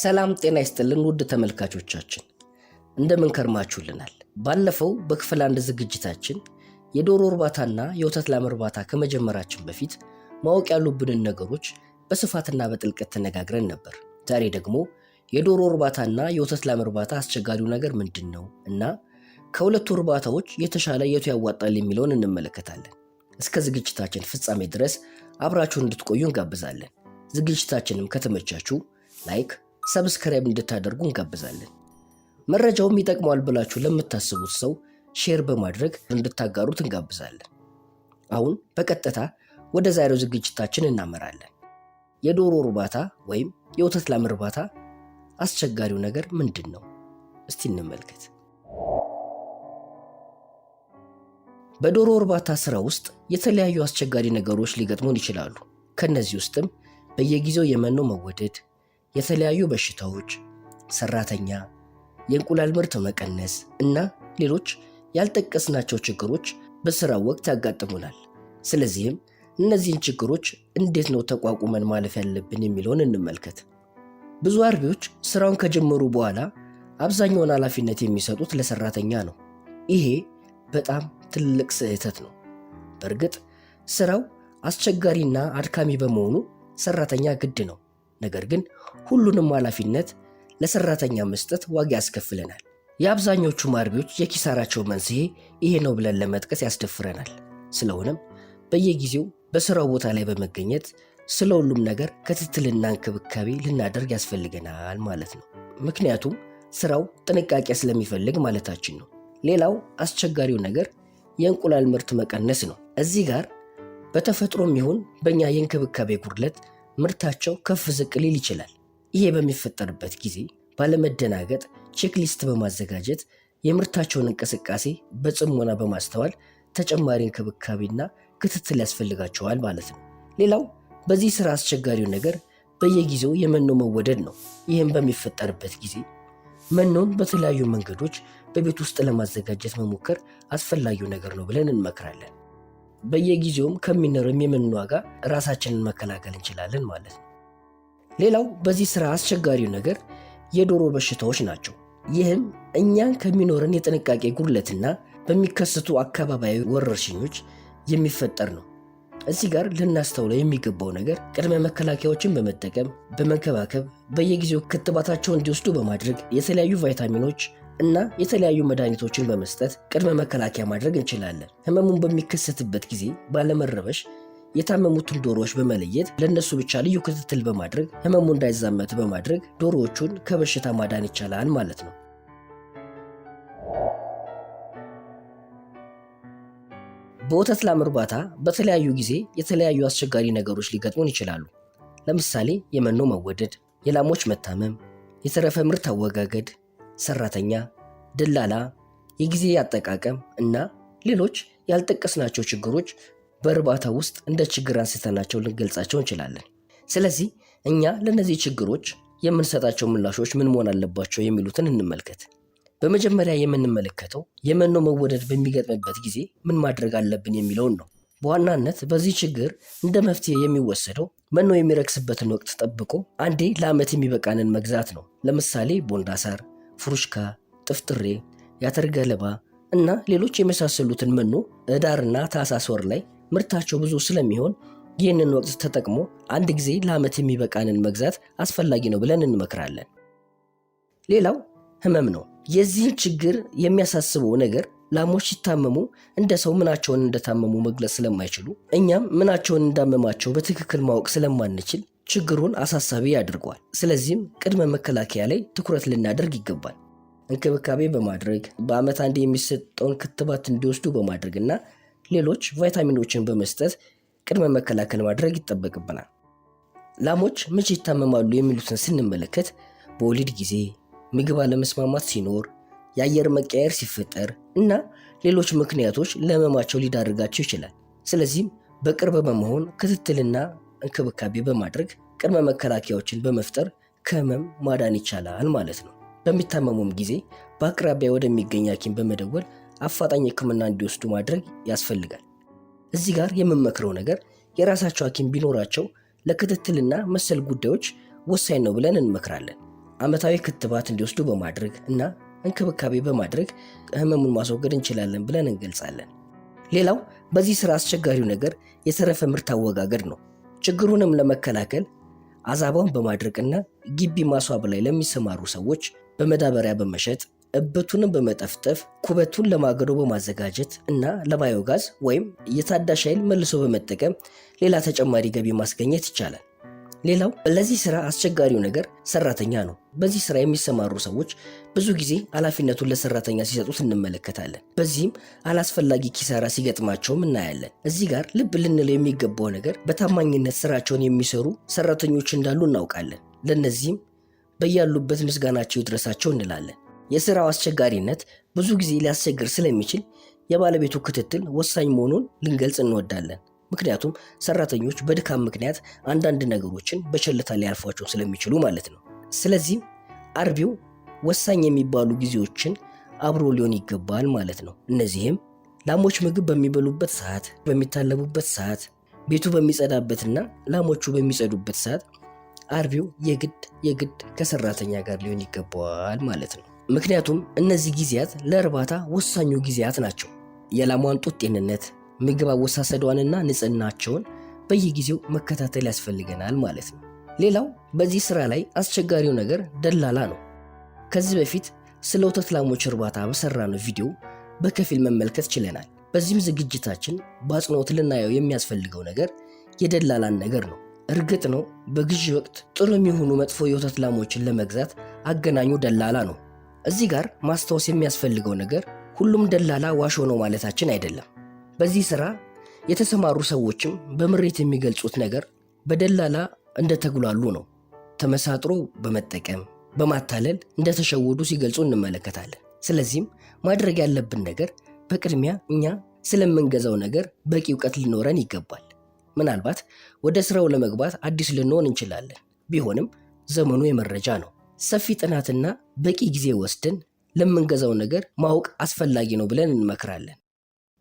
ሰላም ጤና ይስጥልን ውድ ተመልካቾቻችን እንደምን ከርማችሁልናል? ባለፈው በክፍል አንድ ዝግጅታችን የዶሮ እርባታና የወተት ላም እርባታ ከመጀመራችን በፊት ማወቅ ያሉብንን ነገሮች በስፋትና በጥልቀት ተነጋግረን ነበር። ዛሬ ደግሞ የዶሮ እርባታና የወተት ላም እርባታ አስቸጋሪው ነገር ምንድን ነው እና ከሁለቱ እርባታዎች የተሻለ የቱ ያዋጣል የሚለውን እንመለከታለን። እስከ ዝግጅታችን ፍጻሜ ድረስ አብራችሁን እንድትቆዩ እንጋብዛለን። ዝግጅታችንም ከተመቻችሁ ላይክ ሰብስክራይብ እንድታደርጉ እንጋብዛለን። መረጃውም ይጠቅመዋል ብላችሁ ለምታስቡት ሰው ሼር በማድረግ እንድታጋሩት እንጋብዛለን። አሁን በቀጥታ ወደ ዛሬው ዝግጅታችን እናመራለን። የዶሮ እርባታ ወይም የወተት ላም እርባታ አስቸጋሪው ነገር ምንድን ነው? እስቲ እንመልከት። በዶሮ እርባታ ስራ ውስጥ የተለያዩ አስቸጋሪ ነገሮች ሊገጥሙን ይችላሉ። ከእነዚህ ውስጥም በየጊዜው የመኖ መወደድ፣ የተለያዩ በሽታዎች፣ ሰራተኛ፣ የእንቁላል ምርት መቀነስ እና ሌሎች ያልጠቀስናቸው ችግሮች በስራው ወቅት ያጋጥሙናል። ስለዚህም እነዚህን ችግሮች እንዴት ነው ተቋቁመን ማለፍ ያለብን የሚለውን እንመልከት። ብዙ አርቢዎች ስራውን ከጀመሩ በኋላ አብዛኛውን ኃላፊነት የሚሰጡት ለሰራተኛ ነው። ይሄ በጣም ትልቅ ስህተት ነው። በእርግጥ ስራው አስቸጋሪና አድካሚ በመሆኑ ሰራተኛ ግድ ነው። ነገር ግን ሁሉንም ኃላፊነት ለሰራተኛ መስጠት ዋጋ ያስከፍለናል። የአብዛኞቹ ማርቢዎች የኪሳራቸው መንስኤ ይሄ ነው ብለን ለመጥቀስ ያስደፍረናል። ስለሆነም በየጊዜው በስራው ቦታ ላይ በመገኘት ስለ ሁሉም ነገር ክትትልና እንክብካቤ ልናደርግ ያስፈልገናል ማለት ነው። ምክንያቱም ስራው ጥንቃቄ ስለሚፈልግ ማለታችን ነው። ሌላው አስቸጋሪው ነገር የእንቁላል ምርት መቀነስ ነው። እዚህ ጋር በተፈጥሮም ይሁን በእኛ የእንክብካቤ ጉድለት ምርታቸው ከፍ ዝቅ ሊል ይችላል። ይሄ በሚፈጠርበት ጊዜ ባለመደናገጥ ቼክሊስት በማዘጋጀት የምርታቸውን እንቅስቃሴ በጽሞና በማስተዋል ተጨማሪ እንክብካቤና ክትትል ያስፈልጋቸዋል ማለት ነው። ሌላው በዚህ ስራ አስቸጋሪው ነገር በየጊዜው የመኖ መወደድ ነው። ይህም በሚፈጠርበት ጊዜ መኖን በተለያዩ መንገዶች በቤት ውስጥ ለማዘጋጀት መሞከር አስፈላጊው ነገር ነው ብለን እንመክራለን። በየጊዜውም ከሚኖረው የመኖ ዋጋ ራሳችንን መከላከል እንችላለን ማለት ነው። ሌላው በዚህ ስራ አስቸጋሪው ነገር የዶሮ በሽታዎች ናቸው። ይህም እኛን ከሚኖረን የጥንቃቄ ጉድለትና በሚከሰቱ አካባቢያዊ ወረርሽኞች የሚፈጠር ነው። እዚህ ጋር ልናስተውለው የሚገባው ነገር ቅድመ መከላከያዎችን በመጠቀም በመንከባከብ በየጊዜው ክትባታቸውን እንዲወስዱ በማድረግ የተለያዩ ቫይታሚኖች እና የተለያዩ መድኃኒቶችን በመስጠት ቅድመ መከላከያ ማድረግ እንችላለን። ህመሙን በሚከሰትበት ጊዜ ባለመረበሽ የታመሙትን ዶሮዎች በመለየት ለእነሱ ብቻ ልዩ ክትትል በማድረግ ህመሙ እንዳይዛመት በማድረግ ዶሮዎቹን ከበሽታ ማዳን ይቻላል ማለት ነው። በወተት ላም እርባታ በተለያዩ ጊዜ የተለያዩ አስቸጋሪ ነገሮች ሊገጥሙን ይችላሉ። ለምሳሌ የመኖ መወደድ፣ የላሞች መታመም፣ የተረፈ ምርት አወጋገድ ሰራተኛ፣ ደላላ፣ የጊዜ አጠቃቀም እና ሌሎች ያልጠቀስናቸው ችግሮች በእርባታ ውስጥ እንደ ችግር አንስተናቸው ልንገልጻቸው እንችላለን። ስለዚህ እኛ ለእነዚህ ችግሮች የምንሰጣቸው ምላሾች ምን መሆን አለባቸው የሚሉትን እንመልከት። በመጀመሪያ የምንመለከተው የመኖ መወደድ በሚገጥምበት ጊዜ ምን ማድረግ አለብን የሚለውን ነው። በዋናነት በዚህ ችግር እንደ መፍትሄ የሚወሰደው መኖ የሚረክስበትን ወቅት ጠብቆ አንዴ ለዓመት የሚበቃንን መግዛት ነው። ለምሳሌ ቦንዳ ሳር፣ ፍሩሽካ፣ ጥፍጥሬ፣ የአተር ገለባ እና ሌሎች የመሳሰሉትን መኖ ኅዳርና ታሳስወር ወር ላይ ምርታቸው ብዙ ስለሚሆን ይህንን ወቅት ተጠቅሞ አንድ ጊዜ ለዓመት የሚበቃንን መግዛት አስፈላጊ ነው ብለን እንመክራለን። ሌላው ህመም ነው። የዚህን ችግር የሚያሳስበው ነገር ላሞች ሲታመሙ እንደ ሰው ምናቸውን እንደታመሙ መግለጽ ስለማይችሉ እኛም ምናቸውን እንዳመማቸው በትክክል ማወቅ ስለማንችል ችግሩን አሳሳቢ ያደርገዋል። ስለዚህም ቅድመ መከላከያ ላይ ትኩረት ልናደርግ ይገባል። እንክብካቤ በማድረግ በዓመት አንድ የሚሰጠውን ክትባት እንዲወስዱ በማድረግ እና ሌሎች ቫይታሚኖችን በመስጠት ቅድመ መከላከል ማድረግ ይጠበቅብናል። ላሞች መቼ ይታመማሉ የሚሉትን ስንመለከት በወሊድ ጊዜ፣ ምግብ አለመስማማት ሲኖር፣ የአየር መቀየር ሲፈጠር እና ሌሎች ምክንያቶች ለህመማቸው ሊዳርጋቸው ይችላል። ስለዚህም በቅርብ በመሆን ክትትልና እንክብካቤ በማድረግ ቅድመ መከላከያዎችን በመፍጠር ከህመም ማዳን ይቻላል ማለት ነው። በሚታመሙም ጊዜ በአቅራቢያ ወደሚገኝ ሐኪም በመደወል አፋጣኝ ህክምና እንዲወስዱ ማድረግ ያስፈልጋል። እዚህ ጋር የምመክረው ነገር የራሳቸው ሐኪም ቢኖራቸው ለክትትልና መሰል ጉዳዮች ወሳኝ ነው ብለን እንመክራለን። ዓመታዊ ክትባት እንዲወስዱ በማድረግ እና እንክብካቤ በማድረግ ህመሙን ማስወገድ እንችላለን ብለን እንገልጻለን። ሌላው በዚህ ስራ አስቸጋሪው ነገር የተረፈ ምርት አወጋገድ ነው። ችግሩንም ለመከላከል አዛባውን በማድረቅና ግቢ ማስዋብ ላይ ለሚሰማሩ ሰዎች በመዳበሪያ በመሸጥ እብቱንም በመጠፍጠፍ ኩበቱን ለማገዶ በማዘጋጀት እና ለባዮጋዝ ወይም የታዳሽ ኃይል መልሶ በመጠቀም ሌላ ተጨማሪ ገቢ ማስገኘት ይቻላል። ሌላው ለዚህ ስራ አስቸጋሪው ነገር ሰራተኛ ነው። በዚህ ስራ የሚሰማሩ ሰዎች ብዙ ጊዜ ኃላፊነቱን ለሰራተኛ ሲሰጡት እንመለከታለን። በዚህም አላስፈላጊ ኪሳራ ሲገጥማቸውም እናያለን። እዚህ ጋር ልብ ልንለው የሚገባው ነገር በታማኝነት ስራቸውን የሚሰሩ ሰራተኞች እንዳሉ እናውቃለን። ለእነዚህም በያሉበት ምስጋናቸው ይድረሳቸው እንላለን። የስራው አስቸጋሪነት ብዙ ጊዜ ሊያስቸግር ስለሚችል የባለቤቱ ክትትል ወሳኝ መሆኑን ልንገልጽ እንወዳለን። ምክንያቱም ሰራተኞች በድካም ምክንያት አንዳንድ ነገሮችን በቸልታ ሊያልፏቸው ስለሚችሉ ማለት ነው። ስለዚህም አርቢው ወሳኝ የሚባሉ ጊዜዎችን አብሮ ሊሆን ይገባል ማለት ነው። እነዚህም ላሞች ምግብ በሚበሉበት ሰዓት፣ በሚታለቡበት ሰዓት፣ ቤቱ በሚጸዳበትና ላሞቹ በሚጸዱበት ሰዓት አርቢው የግድ የግድ ከሰራተኛ ጋር ሊሆን ይገባዋል ማለት ነው። ምክንያቱም እነዚህ ጊዜያት ለእርባታ ወሳኙ ጊዜያት ናቸው። የላሟን ጡት ጤንነት ምግብ አወሳሰዷንና ንጽህናቸውን በየጊዜው መከታተል ያስፈልገናል ማለት ነው። ሌላው በዚህ ስራ ላይ አስቸጋሪው ነገር ደላላ ነው። ከዚህ በፊት ስለ ወተት ላሞች እርባታ በሰራነው ቪዲዮ በከፊል መመልከት ችለናል። በዚህም ዝግጅታችን በአጽንኦት ልናየው የሚያስፈልገው ነገር የደላላን ነገር ነው። እርግጥ ነው በግዢ ወቅት ጥሩ የሚሆኑ መጥፎ የወተት ላሞችን ለመግዛት አገናኙ ደላላ ነው። እዚህ ጋር ማስታወስ የሚያስፈልገው ነገር ሁሉም ደላላ ዋሾ ነው ማለታችን አይደለም። በዚህ ስራ የተሰማሩ ሰዎችም በምሬት የሚገልጹት ነገር በደላላ እንደተጉላሉ ነው። ተመሳጥሮ በመጠቀም በማታለል እንደተሸወዱ ሲገልጹ እንመለከታለን። ስለዚህም ማድረግ ያለብን ነገር በቅድሚያ እኛ ስለምንገዛው ነገር በቂ እውቀት ሊኖረን ይገባል። ምናልባት ወደ ስራው ለመግባት አዲስ ልንሆን እንችላለን። ቢሆንም ዘመኑ የመረጃ ነው። ሰፊ ጥናትና በቂ ጊዜ ወስደን ለምንገዛው ነገር ማወቅ አስፈላጊ ነው ብለን እንመክራለን።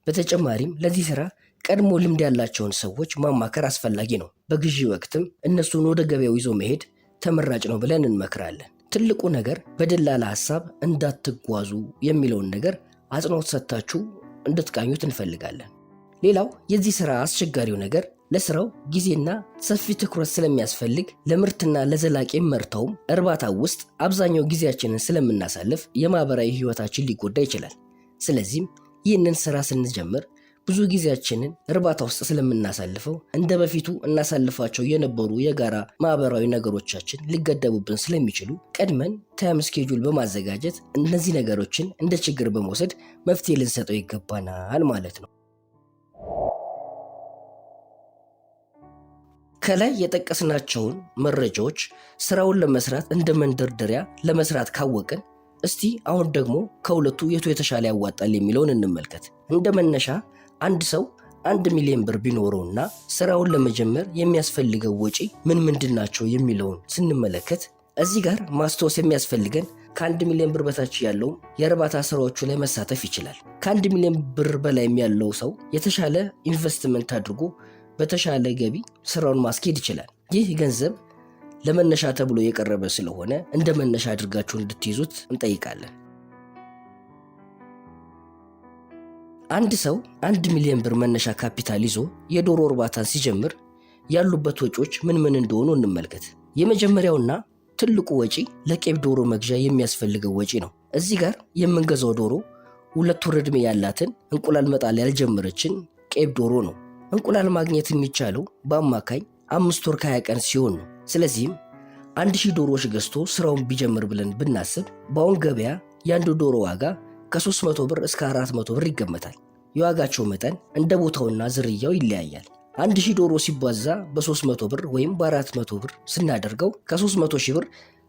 በተጨማሪም ለዚህ ስራ ቀድሞ ልምድ ያላቸውን ሰዎች ማማከር አስፈላጊ ነው። በግዢ ወቅትም እነሱን ወደ ገበያው ይዞ መሄድ ተመራጭ ነው ብለን እንመክራለን። ትልቁ ነገር በደላላ ሀሳብ እንዳትጓዙ የሚለውን ነገር አጽንኦት ሰጥታችሁ እንድትቃኙት እንፈልጋለን። ሌላው የዚህ ስራ አስቸጋሪው ነገር ለስራው ጊዜና ሰፊ ትኩረት ስለሚያስፈልግ ለምርትና ለዘላቂ መርተውም እርባታ ውስጥ አብዛኛው ጊዜያችንን ስለምናሳልፍ የማህበራዊ ህይወታችን ሊጎዳ ይችላል። ስለዚህም ይህንን ስራ ስንጀምር ብዙ ጊዜያችንን እርባታ ውስጥ ስለምናሳልፈው እንደ በፊቱ እናሳልፋቸው የነበሩ የጋራ ማህበራዊ ነገሮቻችን ሊገደቡብን ስለሚችሉ ቀድመን ታይም ስኬጁል በማዘጋጀት እነዚህ ነገሮችን እንደ ችግር በመውሰድ መፍትሄ ልንሰጠው ይገባናል ማለት ነው። ከላይ የጠቀስናቸውን መረጃዎች ስራውን ለመስራት እንደ መንደርደሪያ ለመስራት ካወቅን እስቲ አሁን ደግሞ ከሁለቱ የቱ የተሻለ ያዋጣል የሚለውን እንመልከት። እንደ መነሻ አንድ ሰው አንድ ሚሊዮን ብር ቢኖረውና ስራውን ለመጀመር የሚያስፈልገው ወጪ ምን ምንድን ናቸው የሚለውን ስንመለከት እዚህ ጋር ማስታወስ የሚያስፈልገን ከአንድ ሚሊዮን ብር በታች ያለውም የእርባታ ስራዎቹ ላይ መሳተፍ ይችላል። ከአንድ ሚሊዮን ብር በላይም ያለው ሰው የተሻለ ኢንቨስትመንት አድርጎ በተሻለ ገቢ ስራውን ማስኬድ ይችላል። ይህ ገንዘብ ለመነሻ ተብሎ የቀረበ ስለሆነ እንደ መነሻ አድርጋችሁ እንድትይዙት እንጠይቃለን። አንድ ሰው አንድ ሚሊዮን ብር መነሻ ካፒታል ይዞ የዶሮ እርባታን ሲጀምር ያሉበት ወጪዎች ምን ምን እንደሆኑ እንመልከት። የመጀመሪያውና ትልቁ ወጪ ለቄብ ዶሮ መግዣ የሚያስፈልገው ወጪ ነው። እዚህ ጋር የምንገዛው ዶሮ ሁለት ወር ዕድሜ ያላትን እንቁላል መጣል ያልጀመረችን ቄብ ዶሮ ነው። እንቁላል ማግኘት የሚቻለው በአማካኝ አምስት ወር ከሀያ ቀን ሲሆን ነው። ስለዚህም አንድ ሺህ ዶሮዎች ገዝቶ ስራውን ቢጀምር ብለን ብናስብ በአሁን ገበያ የአንዱ ዶሮ ዋጋ ከ300 ብር እስከ 400 ብር ይገመታል። የዋጋቸው መጠን እንደ ቦታውና ዝርያው ይለያያል። አንድ ሺህ ዶሮ ሲባዛ በ300 ብር ወይም በ400 ብር ስናደርገው ከ300 ሺህ ብር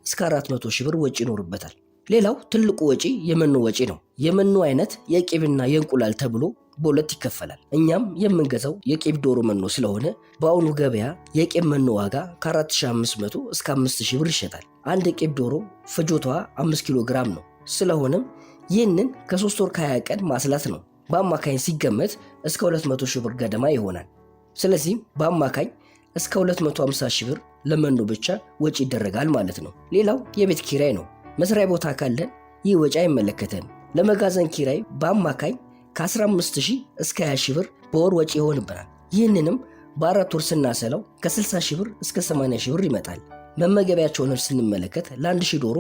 እስከ 400 ሺህ ብር ወጪ ይኖርበታል። ሌላው ትልቁ ወጪ የመኖ ወጪ ነው። የመኖ አይነት የቅቤና የእንቁላል ተብሎ በሁለት ይከፈላል። እኛም የምንገዛው የቄብ ዶሮ መኖ ስለሆነ በአሁኑ ገበያ የቄብ መኖ ዋጋ ከ4500 እስከ 5000 ብር ይሸጣል። አንድ የቄብ ዶሮ ፍጆቷ 5 ኪሎ ግራም ነው። ስለሆነም ይህንን ከ3 ወር ከ20 ቀን ማስላት ነው። በአማካኝ ሲገመት እስከ 200 ሺህ ብር ገደማ ይሆናል። ስለዚህም በአማካኝ እስከ 250 ሺህ ብር ለመኖ ብቻ ወጪ ይደረጋል ማለት ነው። ሌላው የቤት ኪራይ ነው። መስሪያ ቦታ ካለን ይህ ወጪ አይመለከተን። ለመጋዘን ኪራይ በአማካኝ ከ15000 እስከ 20000 ብር በወር ወጪ ይሆንብናል። ይህንንም በአራት ወር ስናሰለው ከ60000 ብር እስከ 80000 ብር ይመጣል። መመገቢያቸውን ስንመለከት ለ1000 ዶሮ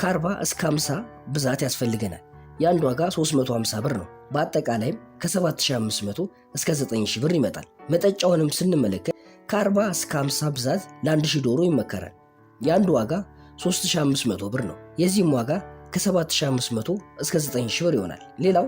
ከ40 እስከ 50 ብዛት ያስፈልገናል። የአንድ ዋጋ 350 ብር ነው። በአጠቃላይም ከ7500 እስከ 9000 ብር ይመጣል። መጠጫውንም ስንመለከት ከ40 እስከ 50 ብዛት ለ1000 ዶሮ ይመከራል። የአንድ ዋጋ 3500 ብር ነው። የዚህም ዋጋ ከ7500 እስከ 9000 ብር ይሆናል። ሌላው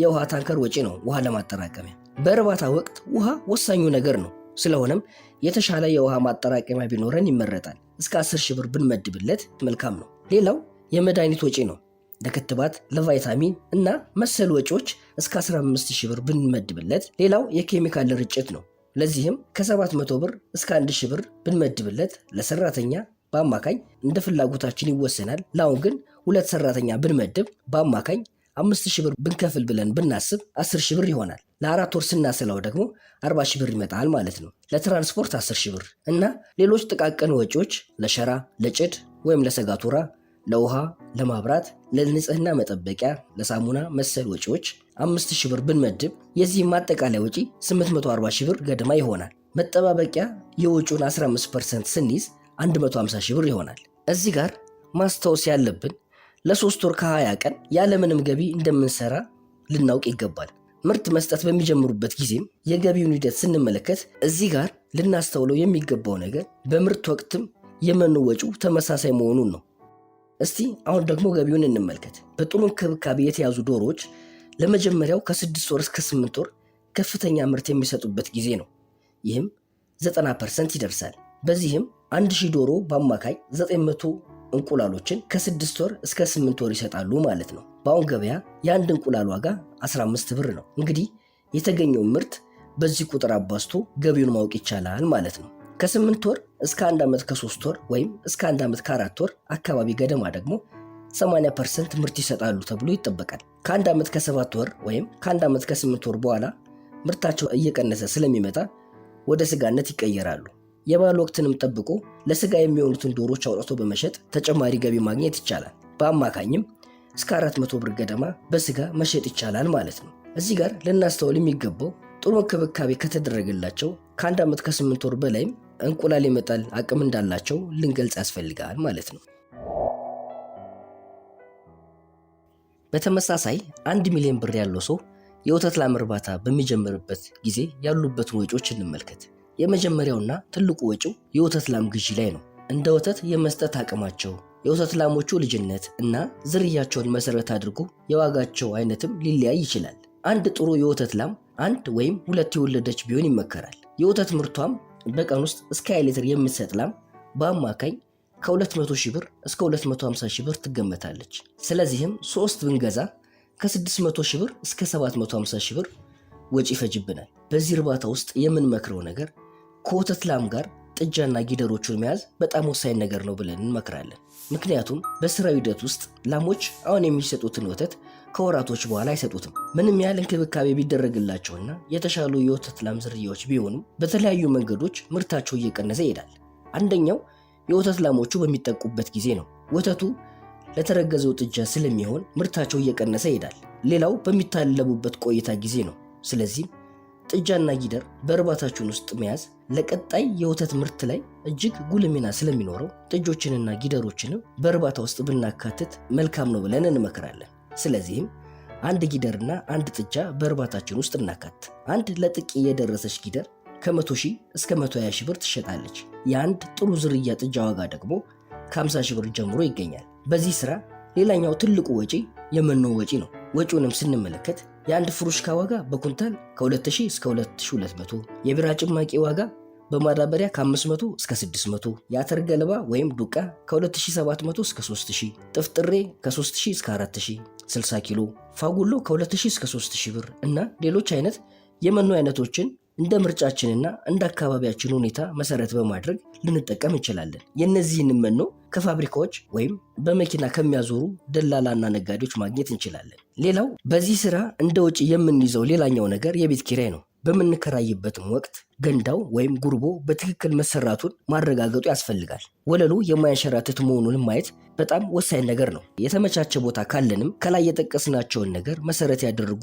የውሃ ታንከር ወጪ ነው ውሃ ለማጠራቀሚያ። በእርባታ ወቅት ውሃ ወሳኙ ነገር ነው። ስለሆነም የተሻለ የውሃ ማጠራቀሚያ ቢኖረን ይመረጣል። እስከ 10 ሺህ ብር ብንመድብለት መልካም ነው። ሌላው የመድኃኒት ወጪ ነው። ለክትባት፣ ለቫይታሚን እና መሰል ወጪዎች እስከ 15 ሺህ ብር ብንመድብለት። ሌላው የኬሚካል ርጭት ነው። ለዚህም ከ700 ብር እስከ 1 ሺህ ብር ብንመድብለት ለሰራተኛ በአማካኝ እንደ ፍላጎታችን ይወሰናል። ለአሁን ግን ሁለት ሰራተኛ ብንመድብ በአማካኝ አምስት ሺህ ብር ብንከፍል ብለን ብናስብ አስር ሺህ ብር ይሆናል። ለአራት ወር ስናስላው ደግሞ አርባ ሺህ ብር ይመጣል ማለት ነው። ለትራንስፖርት አስር ሺህ ብር እና ሌሎች ጥቃቅን ወጪዎች ለሸራ፣ ለጭድ ወይም ለሰጋቱራ፣ ለውሃ፣ ለማብራት፣ ለንጽህና መጠበቂያ፣ ለሳሙና መሰል ወጪዎች አምስት ሺህ ብር ብንመድብ የዚህም አጠቃላይ ወጪ 840 ሺህ ብር ገደማ ይሆናል። መጠባበቂያ የወጪውን 15 ፐርሰንት ስንይዝ 150 ሺህ ብር ይሆናል። እዚህ ጋር ማስታወስ ያለብን ለሶስት ወር ከሀያ ቀን ያለምንም ገቢ እንደምንሰራ ልናውቅ ይገባል። ምርት መስጠት በሚጀምሩበት ጊዜም የገቢውን ሂደት ስንመለከት እዚህ ጋር ልናስተውለው የሚገባው ነገር በምርት ወቅትም የመኖ ወጪው ተመሳሳይ መሆኑን ነው። እስቲ አሁን ደግሞ ገቢውን እንመልከት። በጥሩ እንክብካቤ የተያዙ ዶሮዎች ለመጀመሪያው ከስድስት ወር እስከ ስምንት ወር ከፍተኛ ምርት የሚሰጡበት ጊዜ ነው። ይህም 90 ፐርሰንት ይደርሳል። በዚህም አንድ ሺህ ዶሮ በአማካይ 9 እንቁላሎችን ከስድስት ወር እስከ ስምንት ወር ይሰጣሉ ማለት ነው። በአሁን ገበያ የአንድ እንቁላል ዋጋ 15 ብር ነው። እንግዲህ የተገኘውን ምርት በዚህ ቁጥር አባዝቶ ገቢውን ማወቅ ይቻላል ማለት ነው። ከስምንት ወር እስከ አንድ ዓመት ከሶስት ወር ወይም እስከ አንድ ዓመት ከአራት ወር አካባቢ ገደማ ደግሞ 80 ፐርሰንት ምርት ይሰጣሉ ተብሎ ይጠበቃል። ከአንድ ዓመት ከሰባት ወር ወይም ከአንድ ዓመት ከስምንት ወር በኋላ ምርታቸው እየቀነሰ ስለሚመጣ ወደ ስጋነት ይቀየራሉ። የበዓል ወቅትንም ጠብቆ ለስጋ የሚሆኑትን ዶሮች አውጥቶ በመሸጥ ተጨማሪ ገቢ ማግኘት ይቻላል። በአማካኝም እስከ 400 ብር ገደማ በስጋ መሸጥ ይቻላል ማለት ነው። እዚህ ጋር ልናስተውል የሚገባው ጥሩ እንክብካቤ ከተደረገላቸው ከአንድ ዓመት ከስምንት ወር በላይም እንቁላል የመጣል አቅም እንዳላቸው ልንገልጽ ያስፈልጋል ማለት ነው። በተመሳሳይ አንድ ሚሊዮን ብር ያለው ሰው የወተት ላም እርባታ በሚጀምርበት ጊዜ ያሉበትን ወጪዎች እንመልከት። የመጀመሪያውና ትልቁ ወጪው የወተት ላም ግዢ ላይ ነው። እንደ ወተት የመስጠት አቅማቸው፣ የወተት ላሞቹ ልጅነት እና ዝርያቸውን መሰረት አድርጎ የዋጋቸው አይነትም ሊለያይ ይችላል። አንድ ጥሩ የወተት ላም አንድ ወይም ሁለት የወለደች ቢሆን ይመከራል። የወተት ምርቷም በቀን ውስጥ እስከ ሃያ ሊትር የምትሰጥ ላም በአማካኝ ከ200 ሺህ ብር እስከ 250 ሺህ ብር ትገመታለች። ስለዚህም ሶስት ብንገዛ ከ600 ሺህ ብር እስከ 750 ሺህ ብር ወጪ ይፈጅብናል። በዚህ እርባታ ውስጥ የምንመክረው ነገር ከወተት ላም ጋር ጥጃና ጊደሮቹን መያዝ በጣም ወሳኝ ነገር ነው ብለን እንመክራለን። ምክንያቱም በስራ ሂደት ውስጥ ላሞች አሁን የሚሰጡትን ወተት ከወራቶች በኋላ አይሰጡትም። ምንም ያህል እንክብካቤ ቢደረግላቸውና የተሻሉ የወተት ላም ዝርያዎች ቢሆኑም በተለያዩ መንገዶች ምርታቸው እየቀነሰ ይሄዳል። አንደኛው የወተት ላሞቹ በሚጠቁበት ጊዜ ነው። ወተቱ ለተረገዘው ጥጃ ስለሚሆን ምርታቸው እየቀነሰ ይሄዳል። ሌላው በሚታለቡበት ቆይታ ጊዜ ነው። ስለዚህም ጥጃና ጊደር በእርባታችን ውስጥ መያዝ ለቀጣይ የወተት ምርት ላይ እጅግ ጉልህ ሚና ስለሚኖረው ጥጆችንና ጊደሮችንም በእርባታ ውስጥ ብናካትት መልካም ነው ብለን እንመክራለን። ስለዚህም አንድ ጊደርና አንድ ጥጃ በእርባታችን ውስጥ እናካትት። አንድ ለጥቂ የደረሰች ጊደር ከ100 ሺህ እስከ 120 ሺህ ብር ትሸጣለች። የአንድ ጥሩ ዝርያ ጥጃ ዋጋ ደግሞ ከ50 ሺህ ብር ጀምሮ ይገኛል። በዚህ ስራ ሌላኛው ትልቁ ወጪ የመኖ ወጪ ነው። ወጪውንም ስንመለከት የአንድ ፍሩሽካ ዋጋ በኩንታል ከ2000 እስከ 2200፣ የቢራ ጭማቂ ዋጋ በማዳበሪያ ከ500 እስከ 600 የአተር ገለባ ወይም ዱቃ ከ2700 እስከ 3000 ጥፍጥሬ ከ3000 እስከ 4000 60 ኪሎ ፋጉሎ ከ2000 እስከ 3000 ብር እና ሌሎች አይነት የመኖ አይነቶችን እንደ ምርጫችንና እንደ አካባቢያችን ሁኔታ መሰረት በማድረግ ልንጠቀም እንችላለን። የእነዚህን መኖ ከፋብሪካዎች ወይም በመኪና ከሚያዞሩ ደላላና ነጋዴዎች ማግኘት እንችላለን። ሌላው በዚህ ስራ እንደ ወጪ የምንይዘው ሌላኛው ነገር የቤት ኪራይ ነው። በምንከራይበትም ወቅት ገንዳው ወይም ጉርቦ በትክክል መሰራቱን ማረጋገጡ ያስፈልጋል። ወለሉ የማያንሸራትት መሆኑን ማየት በጣም ወሳኝ ነገር ነው። የተመቻቸ ቦታ ካለንም ከላይ የጠቀስናቸውን ነገር መሰረት ያደርጉ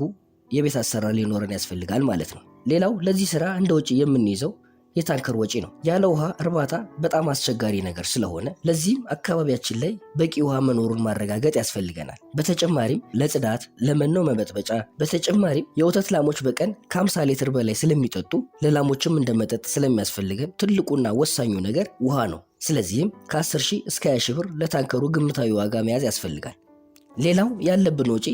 የቤት አሰራር ሊኖረን ያስፈልጋል ማለት ነው። ሌላው ለዚህ ስራ እንደ ውጪ የምንይዘው የታንከር ወጪ ነው። ያለ ውሃ እርባታ በጣም አስቸጋሪ ነገር ስለሆነ ለዚህም አካባቢያችን ላይ በቂ ውሃ መኖሩን ማረጋገጥ ያስፈልገናል። በተጨማሪም ለጽዳት፣ ለመኖ መበጥበጫ፣ በተጨማሪም የወተት ላሞች በቀን ከ50 ሊትር በላይ ስለሚጠጡ ለላሞችም እንደመጠጥ ስለሚያስፈልገን ትልቁና ወሳኙ ነገር ውሃ ነው። ስለዚህም ከ10 ሺህ እስከ 20 ሺህ ብር ለታንከሩ ግምታዊ ዋጋ መያዝ ያስፈልጋል። ሌላው ያለብን ወጪ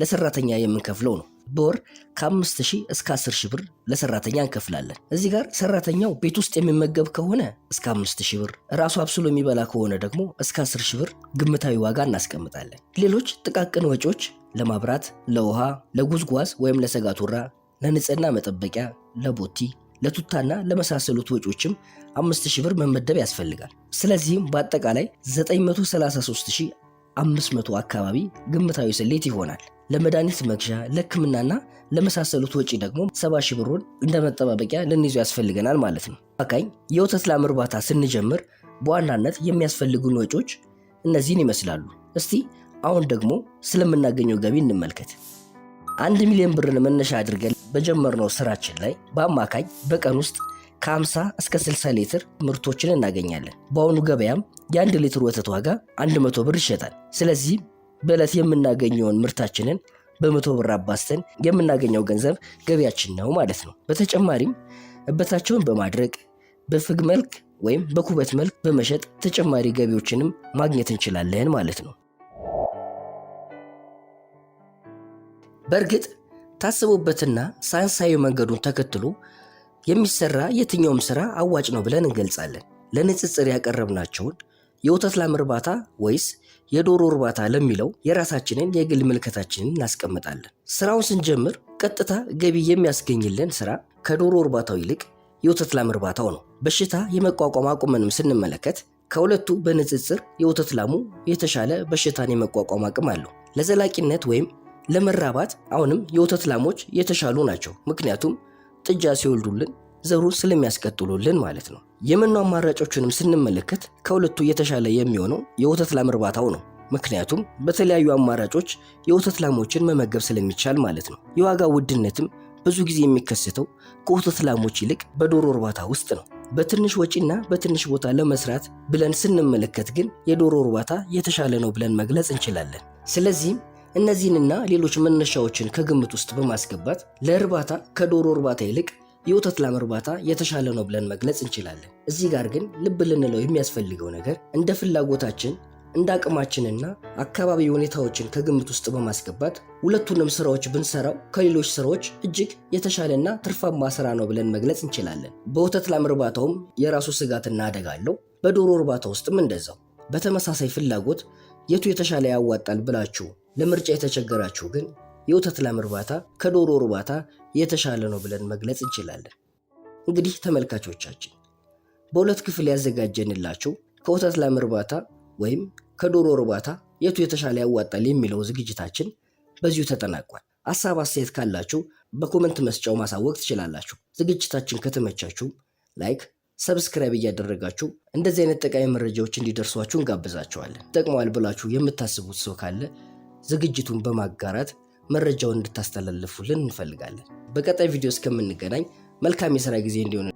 ለሰራተኛ የምንከፍለው ነው። በወር ከ ሺህ እስከ አስር ብር ለሰራተኛ እንከፍላለን። እዚህ ጋር ሰራተኛው ቤት ውስጥ የሚመገብ ከሆነ እስከ አምስት ብር፣ ራሱ አብስሎ የሚበላ ከሆነ ደግሞ እስከ አስር ብር ግምታዊ ዋጋ እናስቀምጣለን። ሌሎች ጥቃቅን ወጪዎች ለማብራት፣ ለውሃ፣ ለጉዝጓዝ ወይም ለሰጋቱራ፣ ለንጽህና መጠበቂያ፣ ለቦቲ ለቱታና ለመሳሰሉት ወጪዎችም 5000 ብር መመደብ ያስፈልጋል። ስለዚህም በአጠቃላይ 933 አምስት አካባቢ ግምታዊ ስሌት ይሆናል። ለመድኃኒት መግዣ ለሕክምናና ለመሳሰሉት ወጪ ደግሞ ሰባ ሺህ ብሩን እንደ መጠባበቂያ ልንይዞ ያስፈልገናል ማለት ነው። አካኝ የወተት ላም እርባታ ስንጀምር በዋናነት የሚያስፈልጉን ወጪዎች እነዚህን ይመስላሉ። እስቲ አሁን ደግሞ ስለምናገኘው ገቢ እንመልከት። አንድ ሚሊዮን ብርን መነሻ አድርገን በጀመርነው ስራችን ላይ በአማካኝ በቀን ውስጥ ከ50 እስከ 60 ሊትር ምርቶችን እናገኛለን። በአሁኑ ገበያም የአንድ ሊትር ወተት ዋጋ 100 ብር ይሸጣል። ስለዚህም በዕለት የምናገኘውን ምርታችንን በመቶ ብር አባስተን የምናገኘው ገንዘብ ገቢያችን ነው ማለት ነው። በተጨማሪም እበታቸውን በማድረቅ በፍግ መልክ ወይም በኩበት መልክ በመሸጥ ተጨማሪ ገቢዎችንም ማግኘት እንችላለን ማለት ነው። በእርግጥ ታስቡበትና ሳይንሳዊ መንገዱን ተከትሎ የሚሰራ የትኛውም ስራ አዋጭ ነው ብለን እንገልጻለን። ለንጽጽር ያቀረብናቸውን የወተት ላም እርባታ ወይስ የዶሮ እርባታ ለሚለው የራሳችንን የግል ምልከታችንን እናስቀምጣለን። ስራውን ስንጀምር ቀጥታ ገቢ የሚያስገኝልን ስራ ከዶሮ እርባታው ይልቅ የወተት ላም እርባታው ነው። በሽታ የመቋቋም አቁመንም ስንመለከት ከሁለቱ በንጽጽር የወተት ላሙ የተሻለ በሽታን የመቋቋም አቅም አለው። ለዘላቂነት ወይም ለመራባት አሁንም የወተት ላሞች የተሻሉ ናቸው። ምክንያቱም ጥጃ ሲወልዱልን ዘሩን ስለሚያስቀጥሉልን ማለት ነው። የመኖ አማራጮቹንም ስንመለከት ከሁለቱ የተሻለ የሚሆነው የወተት ላም እርባታው ነው። ምክንያቱም በተለያዩ አማራጮች የወተት ላሞችን መመገብ ስለሚቻል ማለት ነው። የዋጋ ውድነትም ብዙ ጊዜ የሚከሰተው ከወተት ላሞች ይልቅ በዶሮ እርባታ ውስጥ ነው። በትንሽ ወጪና በትንሽ ቦታ ለመስራት ብለን ስንመለከት ግን የዶሮ እርባታ የተሻለ ነው ብለን መግለጽ እንችላለን። ስለዚህም እነዚህንና ሌሎች መነሻዎችን ከግምት ውስጥ በማስገባት ለእርባታ ከዶሮ እርባታ ይልቅ የወተት ላም እርባታ የተሻለ ነው ብለን መግለጽ እንችላለን። እዚህ ጋር ግን ልብ ልንለው የሚያስፈልገው ነገር እንደ ፍላጎታችን እንደ አቅማችንና አካባቢ ሁኔታዎችን ከግምት ውስጥ በማስገባት ሁለቱንም ስራዎች ብንሰራው ከሌሎች ስራዎች እጅግ የተሻለና ትርፋማ ስራ ነው ብለን መግለጽ እንችላለን። በወተት ላም እርባታውም የራሱ ስጋትና አደጋ አለው። በዶሮ እርባታ ውስጥም እንደዛው በተመሳሳይ ፍላጎት የቱ የተሻለ ያዋጣል ብላችሁ ለምርጫ የተቸገራችሁ ግን የወተት ላም እርባታ ከዶሮ እርባታ የተሻለ ነው ብለን መግለጽ እንችላለን። እንግዲህ ተመልካቾቻችን በሁለት ክፍል ያዘጋጀንላችሁ ከወተት ላም እርባታ ወይም ከዶሮ እርባታ የቱ የተሻለ ያዋጣል የሚለው ዝግጅታችን በዚሁ ተጠናቋል። ሀሳብ አስተያየት ካላችሁ በኮመንት መስጫው ማሳወቅ ትችላላችሁ። ዝግጅታችን ከተመቻችሁ ላይክ ሰብስክራይብ እያደረጋችሁ እንደዚህ አይነት ጠቃሚ መረጃዎች እንዲደርሷችሁ እንጋብዛችኋለን። ጠቅመዋል ብላችሁ የምታስቡት ሰው ካለ ዝግጅቱን በማጋራት መረጃውን እንድታስተላልፉልን እንፈልጋለን። በቀጣይ ቪዲዮ እስከምንገናኝ መልካም የስራ ጊዜ እንዲሆን